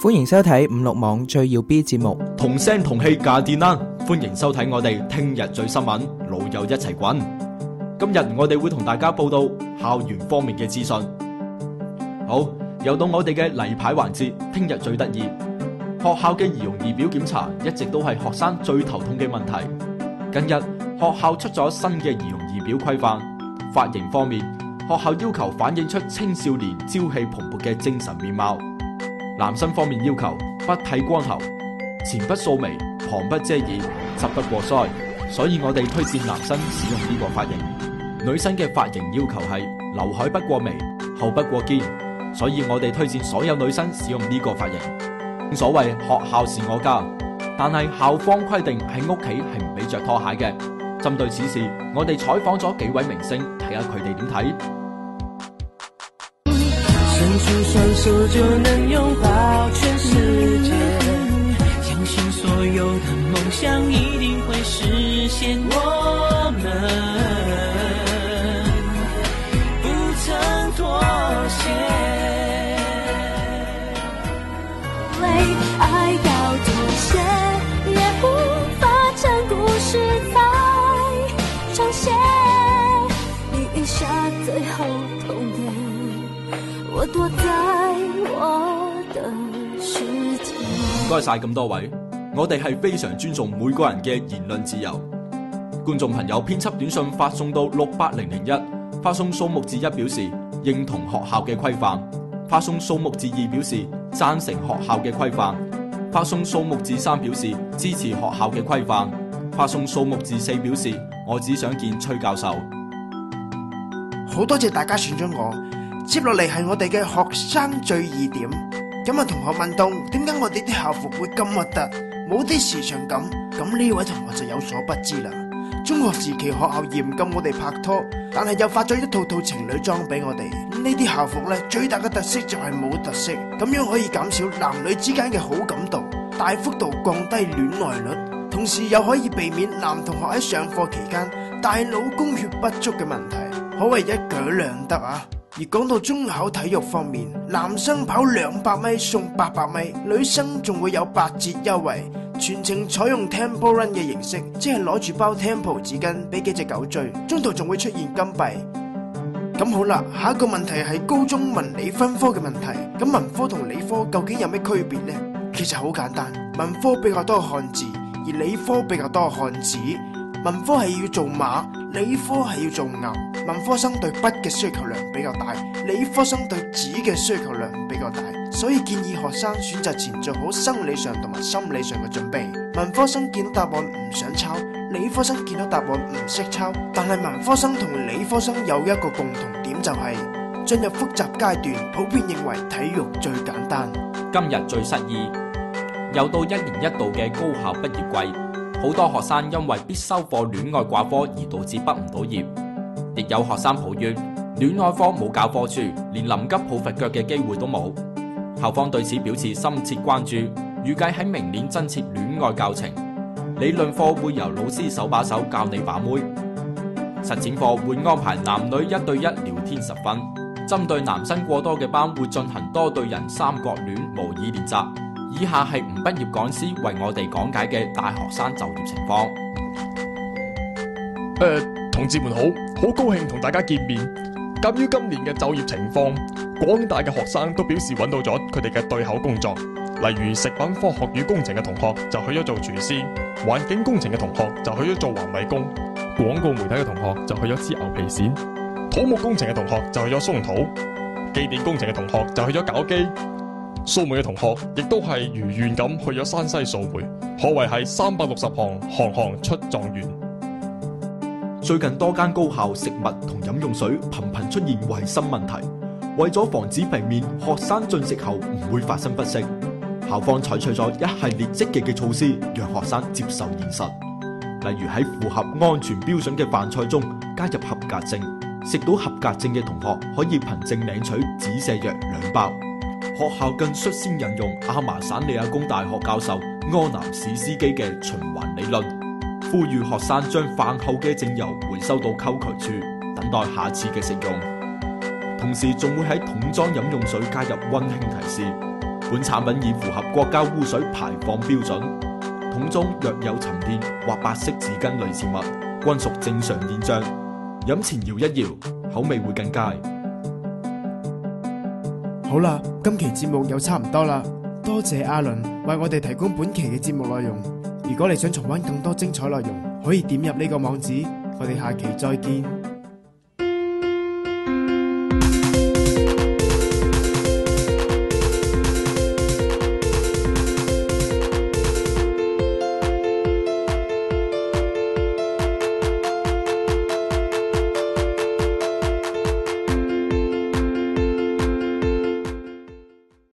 歡迎收睇五六網最耀 B 節目同聲同氣架電啦！歡迎收睇我哋聽日最新聞，老友一齊滾。今日我哋會同大家報道校園方面嘅資訊。好，又到我哋嘅例牌環節，聽日最得意。學校嘅儀容儀表檢查一直都係學生最頭痛嘅問題。近日學校出咗新嘅儀容儀表規範。髮型方面，學校要求反映出青少年朝氣蓬勃嘅精神面貌。男生方面，要求不剃光頭，前不掃眉，旁不遮耳，側不過腮，所以我哋推薦男生使用呢個髮型。女生嘅髮型要求係劉海不過眉，後不過肩，所以我哋推薦所有女生使用呢個髮型。所謂學校是我家，但係校方規定喺屋企係唔俾着拖鞋嘅。針對此事，我哋採訪咗幾位明星，睇下佢哋點睇。手就能擁抱全世界，嗯，相信所有的夢想一定會實現。我們不曾妥協，為愛要妥協，也無法將故事再重寫。你按下最後通牒，我躲。唔該晒咁多位，我哋係非常尊重每個人嘅言論自由。觀眾朋友編輯短信發送到六八零零一，發送數目字一表示認同學校嘅規範，發送數目字二表示讚成學校嘅規範，發送數目字三表示支持學校嘅規範，發送數目字四表示我只想見崔教授。好多謝大家選咗我，接落嚟係我哋嘅學生聚義點。咁啊，同學問到，點解我哋啲校服會咁核突，冇啲時尚感？咁呢位同學就有所不知啦。中學時期學校嚴禁我哋拍拖，但係又發咗一套套情侶裝俾我哋。呢啲校服呢，最大嘅特色就係冇特色，咁樣可以減少男女之間嘅好感度，大幅度降低戀愛率，同時又可以避免男同學喺上課期間大腦供血不足嘅問題，可謂一舉兩得啊！而講到中考體育方面，男生跑兩百米送八百米，女生仲會有八折優惠。全程採用 temple run 嘅形式，即係攞住包 temple 紙巾俾幾隻狗追，中途仲會出現金幣。咁好啦，下一個問題係高中文理分科嘅問題。咁文科同理科究竟有咩區別呢？其實好簡單，文科比較多漢字，而理科比較多漢字。文科係要做馬，理科係要做牛。文科生對筆嘅需求量比較大，理科生對紙嘅需求量比較大，所以建議學生選擇前做好生理上同埋心理上嘅準備。文科生見到答案唔想抄，理科生見到答案唔識抄，但係文科生同理科生有一個共同點就係進入複習階段，普遍認為體育最簡單。今日最失意，又到一年一度嘅高考畢業季，好多學生因為必修課戀愛掛科而導致畢唔到業。亦有學生抱怨戀愛科冇教科書，連臨急抱佛腳嘅機會都冇。校方對此表示深切關注，預計喺明年增設戀愛教程。理論課會由老師手把手教你把妹，實踐課會安排男女一對一聊天十分。針對男生過多嘅班，會進行多對人三角戀模擬練習。以下係唔畢業講師為我哋講解嘅大學生就業情況。誒。同志們好，好高興同大家見面。鑒於今年嘅就業情況，廣大嘅學生都表示揾到咗佢哋嘅對口工作。例如，食品科學與工程嘅同學就去咗做廚師，環境工程嘅同學就去咗做環衛工，廣告媒體嘅同學就去咗黐牛皮癬，土木工程嘅同學就去咗鬆土，機電工程嘅同學就去咗搞機，蘇梅嘅同學亦都係如願咁去咗山西掃煤，可謂係三百六十行，行行出狀元。最近多間高校食物同飲用水頻頻出現衛生問題，為咗防止避免學生進食後唔會發生不適，校方採取咗一系列積極嘅措施，讓學生接受現實。例如喺符合安全標準嘅飯菜中加入合格證，食到合格證嘅同學可以憑證領取止瀉藥兩包。學校更率先引用阿麻省理亞工大學教授柯南史斯基嘅循環理論。呼籲學生將飯後嘅正油回收到溝渠處，等待下次嘅食用。同時仲會喺桶裝飲用水加入溫馨提示：本產品已符合國家污水排放標準。桶中若有沉澱或白色紙巾類似物，均屬正常現象。飲前搖一搖，口味會更佳。好啦，今期節目又差唔多啦，多謝阿倫為我哋提供本期嘅節目內容。如果你想重溫更多精彩內容，可以點入呢個網址。我哋下期再見。